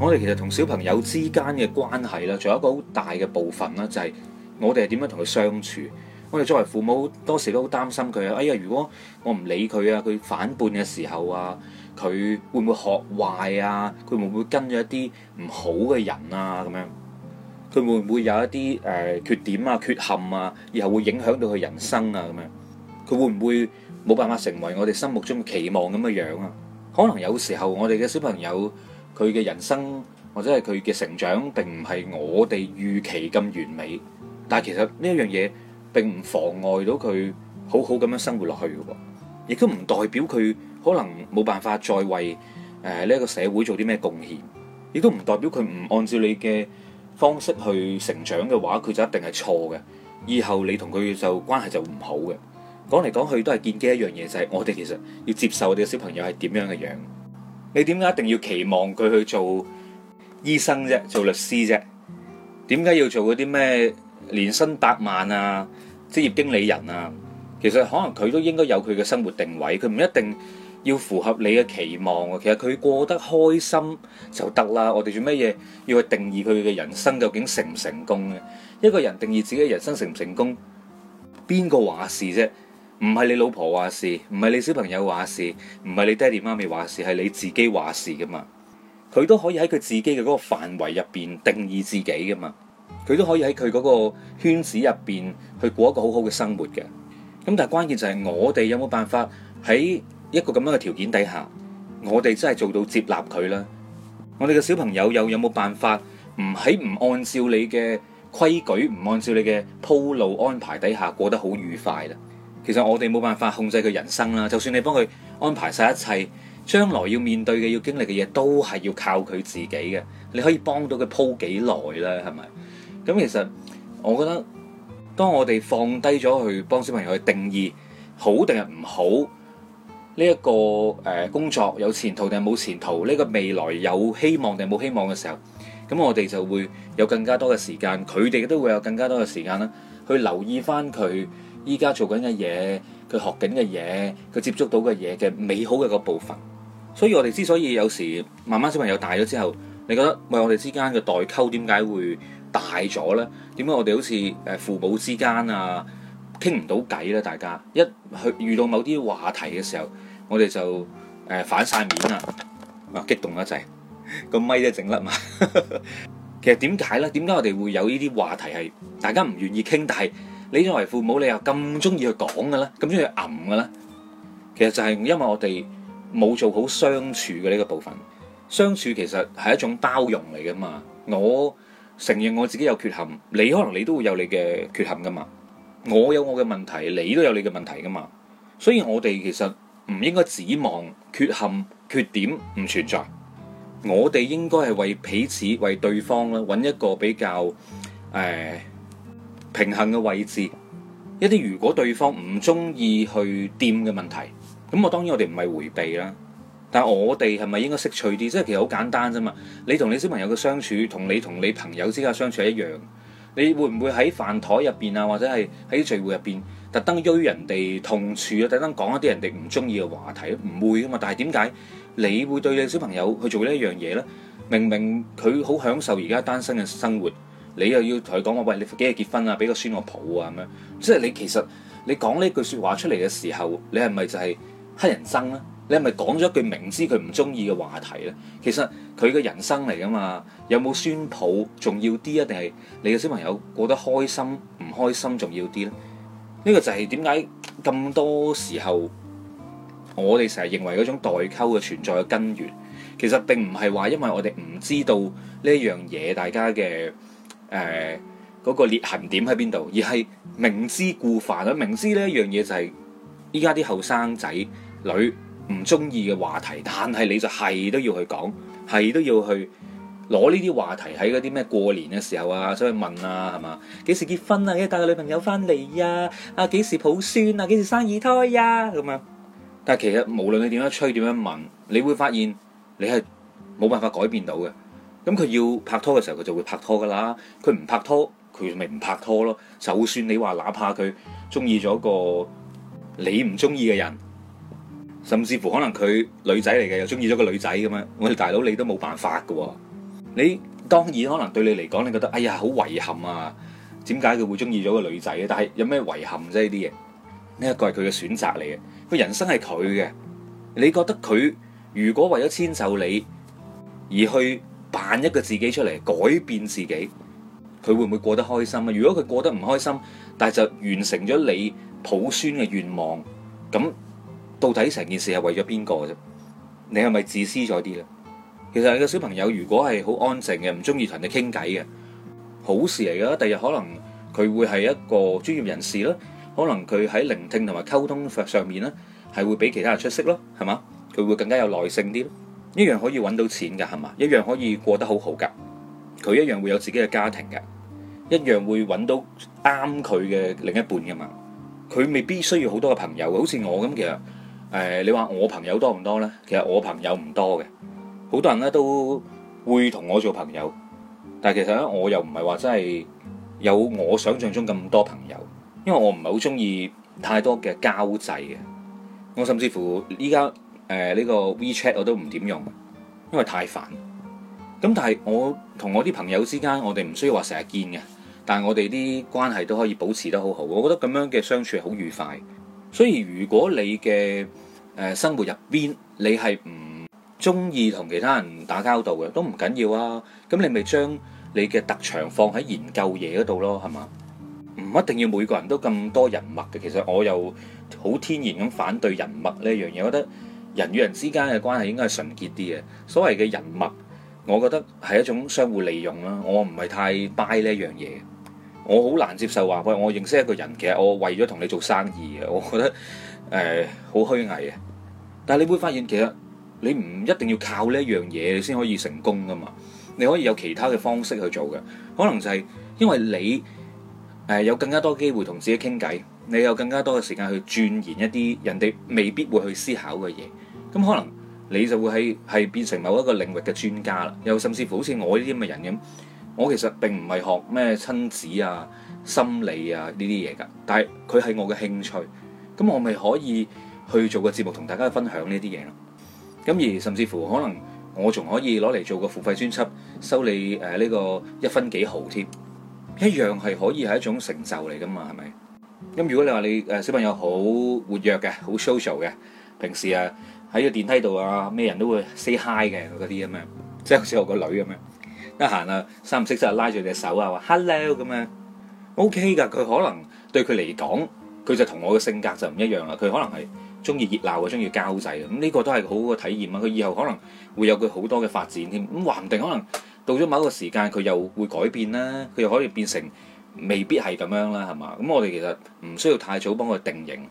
我哋其實同小朋友之間嘅關係啦，仲有一個好大嘅部分啦，就係我哋係點樣同佢相處。我哋作為父母，多時都好擔心佢啊。哎呀，如果我唔理佢啊，佢反叛嘅時候啊，佢會唔會學壞啊？佢會唔會跟咗一啲唔好嘅人啊？咁樣，佢會唔會有一啲誒缺點啊、缺陷啊，然後會影響到佢人生啊？咁樣，佢會唔會冇辦法成為我哋心目中期望咁嘅樣啊？可能有時候我哋嘅小朋友。佢嘅人生或者係佢嘅成長並唔係我哋預期咁完美，但其實呢一樣嘢並唔妨礙到佢好好咁樣生活落去嘅喎，亦都唔代表佢可能冇辦法再為呢、呃呢個社會做啲咩貢獻，亦都唔代表佢唔按照你嘅方式去成長嘅話，佢就一定係錯嘅，以後你同佢就關係就唔好嘅。講嚟講去都係建基一樣嘢，就係、係、我哋其實要接受我哋嘅小朋友係點樣嘅樣。你點解一定要期望佢去做醫生啫，做律師啫？點解要做嗰啲咩年薪百萬啊、職業經理人啊？其實可能佢都應該有佢嘅生活定位，佢唔一定要符合你嘅期望。其實佢過得開心就得啦。我哋做咩嘢要去定義佢嘅人生究竟成唔成功咧？一個人定義自己嘅人生成唔成功，邊個話事啫？唔係你老婆話事，唔係你小朋友話事，唔係你爹地媽咪話事，係你自己話事噶嘛？佢都可以喺佢自己嘅嗰個範圍入邊定義自己噶嘛？佢都可以喺佢嗰個圈子入邊去過一個好好嘅生活嘅。咁但係關鍵就係我哋有冇辦法喺一個咁樣嘅條件底下，我哋真係做到接納佢啦。我哋嘅小朋友又有冇辦法唔喺唔按照你嘅規矩，唔按照你嘅鋪路安排底下過得好愉快啦？其實我哋冇辦法控制佢人生啦，就算你幫佢安排晒一切，將來要面對嘅、要經歷嘅嘢，都係要靠佢自己嘅。你可以幫到佢鋪幾耐咧，係咪？咁其實我覺得，當我哋放低咗去幫小朋友去定義好定係唔好，呢一個工作有前途定係冇前途，呢個未來有希望定係冇希望嘅時候，咁我哋就會有更加多嘅時間，佢哋都會有更加多嘅時間啦，去留意翻佢。依家做緊嘅嘢，佢學緊嘅嘢，佢接觸到嘅嘢嘅美好嘅部分。所以我哋之所以有時慢慢小朋友大咗之後，你覺得喂我哋之間嘅代溝點解會大咗呢？點解我哋好似誒父母之間啊傾唔到偈咧？大家一去遇到某啲話題嘅時候，我哋就、呃、反曬面啊，啊激動一陣，個咪都整甩嘛。 其實點解呢？點解我哋會有呢啲話題係大家唔願意傾，但係？你作為父母，你又咁中意去講嘅咧，咁中意去噏嘅咧？其實就係因為我哋冇做好相處嘅呢個部分。相處其實係一種包容嚟㗎嘛。我承認我自己有缺陷你，你可能你都會有你嘅缺陷噶嘛。我有我嘅問題，你都有你嘅問題噶嘛。所以我哋其實唔應該指望缺陷、缺點唔存在。我哋應該係為彼此、為對方咧揾一個比較誒。平衡嘅位置，一啲如果對方唔中意去掂嘅問題，咁我當然我哋唔係回避啦，但係我哋係咪應該識趣啲？即係其實好簡單啫嘛。你同你小朋友嘅相處同你同你朋友之間相處一樣，你會唔會喺飯台入邊啊，或者係喺聚會入邊特登邀人哋同處啊，特登講一啲人哋唔中意嘅話題，唔會啊嘛。但係點解你會對你小朋友去做呢一樣嘢咧？明明佢好享受而家單身嘅生活。你又要同佢講話，喂，你幾日結婚啊？俾個孫我抱啊，咁樣即係你其實你講呢句說話出嚟嘅時候，你係咪就係乞人憎咧？你係咪講咗一句明知佢唔中意嘅話題咧？其實佢嘅人生嚟噶嘛，有冇孫抱重要啲啊？定係你嘅小朋友過得開心唔開心重要啲咧？呢個就係點解咁多時候我哋成日認為嗰種代溝嘅存在嘅根源，其實並唔係話因為我哋唔知道呢一樣嘢，大家嘅。誒嗰個裂痕點喺邊度？而係明知故犯啊！明知呢一樣嘢就係依家啲後生仔女唔中意嘅話題，但係你就係都要去講，係都要去攞呢啲話題喺嗰啲咩過年嘅時候啊，出去問啊，係嘛？幾時結婚啊？要帶個女朋友翻嚟啊？啊，幾時抱孫啊？幾時生二胎啊？咁樣。但係其實無論你點樣吹，點樣問，你會發現你係冇辦法改變到嘅。咁佢要拍拖嘅時候，佢就會拍拖噶啦。佢唔拍拖，佢咪唔拍拖咯。就算你話，哪怕佢中意咗一個你唔中意嘅人，甚至乎可能佢女仔嚟嘅，又中意咗個女仔咁樣，我哋大佬你都冇辦法喎。你當然可能對你嚟講，你覺得哎呀好遺憾啊，點解佢會中意咗個女仔？但係有咩遺憾啫？呢啲嘢呢一個係佢嘅選擇嚟嘅，佢人生係佢嘅。你覺得佢如果為咗遷就你而去？扮一個自己出嚟，改變自己，佢會唔會過得開心啊？如果佢過得唔開心，但係就完成咗你抱孫嘅願望，咁到底成件事係為咗邊個啫？你係咪自私咗啲咧？其實你個小朋友如果係好安靜嘅，唔中意同你傾偈嘅，好事嚟嘅。第日可能佢會係一個專業人士啦，可能佢喺聆聽同埋溝通上面咧係會比其他人出色咯，係嘛？佢會更加有耐性啲咯。一樣可以揾到錢㗎，係嘛？一樣可以過得好好㗎。佢一樣會有自己嘅家庭嘅，一樣會揾到啱佢嘅另一半㗎嘛。佢未必需要好多嘅朋友，好似我咁。其實，呃，你話我朋友多唔多呢？其實我朋友唔多嘅。好多人咧都會同我做朋友，但其實咧我又唔係話真係有我想象中咁多朋友，因為我唔係好中意太多嘅交際嘅。我甚至乎依家。誒呢個 WeChat 我都唔點用，因為太煩。咁但係我同我啲朋友之間，我哋唔需要話成日見嘅，但係我哋啲關係都可以保持得好好。我覺得咁樣嘅相處好愉快。所以如果你嘅誒生活入邊，你係唔中意同其他人打交道嘅，都唔緊要啊。咁你咪將你嘅特長放喺研究嘢嗰度咯，係嘛？唔一定要每個人都咁多人脈嘅。其實我又好天然咁反對人脈呢樣嘢，我覺得。人與人之間嘅關係應該係純潔啲嘅。所謂嘅人脈，我覺得係一種相互利用啦。我唔係太 buy 呢一樣嘢，我好難接受話喂，我認識一個人，其實我為咗同你做生意嘅，我覺得誒好、呃、虛偽嘅。但係你會發現，其實你唔一定要靠呢一樣嘢，你先可以成功㗎嘛。你可以有其他嘅方式去做嘅，可能就係因為你誒有更加多機會同自己傾偈，你有更加多嘅時間去鑽研一啲人哋未必會去思考嘅嘢。咁可能你就會係係變成某一個領域嘅專家啦，又甚至乎好似我呢啲咁嘅人咁，我其實並唔係學咩親子啊、心理啊呢啲嘢噶，但係佢係我嘅興趣，咁我咪可以去做個節目同大家分享呢啲嘢咯。咁而甚至乎可能我仲可以攞嚟做個付費專輯，收你誒呢個一分幾毫添，一樣係可以係一種成就嚟噶嘛，係咪？咁如果你話你誒小朋友好活躍嘅，好 social 嘅，平時啊～喺個電梯度啊，咩人都會 say hi 嘅嗰啲咁樣，即係好似我個女咁樣，啊、得閒啊三唔識七拉住隻手啊，話 hello 咁樣，OK 㗎。佢可能對佢嚟講，佢就同我嘅性格就唔一樣啦。佢可能係中意熱鬧啊，中意交際咁呢、嗯這個都係好好嘅體驗啊。佢以後可能會有佢好多嘅發展添。咁話唔定可能到咗某一個時間，佢又會改變啦。佢又可以變成未必係咁樣啦，係嘛？咁我哋其實唔需要太早幫佢定型。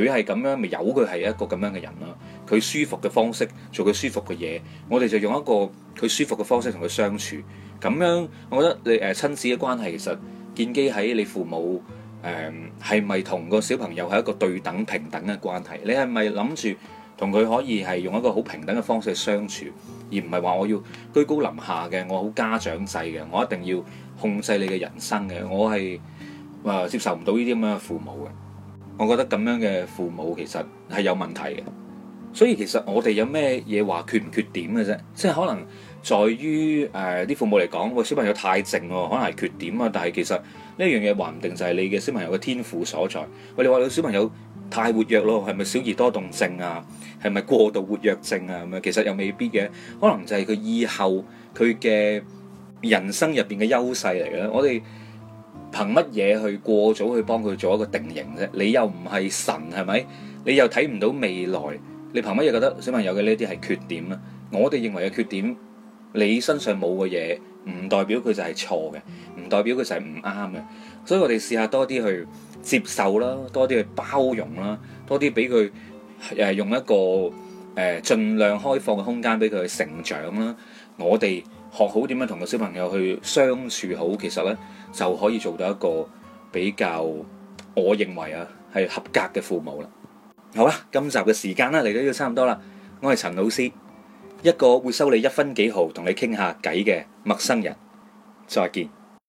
佢係咁樣，咪由佢係一個咁樣嘅人咯。佢舒服嘅方式做佢舒服嘅嘢，我哋就用一個佢舒服嘅方式同佢相處。咁樣，我覺得你呃親子嘅關係其實建基喺你父母呃係咪同個小朋友係一個對等平等嘅關係？你係咪諗住同佢可以係用一個好平等嘅方式去相處，而唔係話我要居高臨下嘅，我好家長制嘅，我一定要控制你嘅人生嘅，我係、呃、接受唔到呢啲咁樣嘅父母嘅。我覺得咁樣嘅父母其實係有問題嘅，所以其實我哋有咩嘢話缺唔缺點嘅啫，即係可能在於誒啲、呃、父母嚟講，喂小朋友太靜喎，可能係缺點啊，但係其實呢樣嘢話唔定就係你嘅小朋友嘅天賦所在。喂你話你小朋友太活躍咯，係咪小兒多動症啊？係咪過度活躍症啊？咁樣其實又未必嘅，可能就係佢以後佢嘅人生入邊嘅優勢嚟啦。我哋。憑乜嘢去過早去幫佢做一個定型啫？你又唔係神係咪？你又睇唔到未來。你憑乜嘢覺得小朋友嘅呢啲係缺點咧？我哋認為嘅缺點，你身上冇嘅嘢，唔代表佢就係錯嘅，唔代表佢就係唔啱嘅。所以我哋試下多啲去接受啦，多啲去包容啦，多啲俾佢誒用一個誒盡量開放嘅空間俾佢去成長啦。我哋。學好點樣同個小朋友去相處好，其實呢就可以做到一個比較，我認為啊係合格嘅父母啦。好啊，今集嘅時間啦嚟到呢度差唔多啦。我係陳老師，一個會收你一分幾毫同你傾下偈嘅陌生人。再見。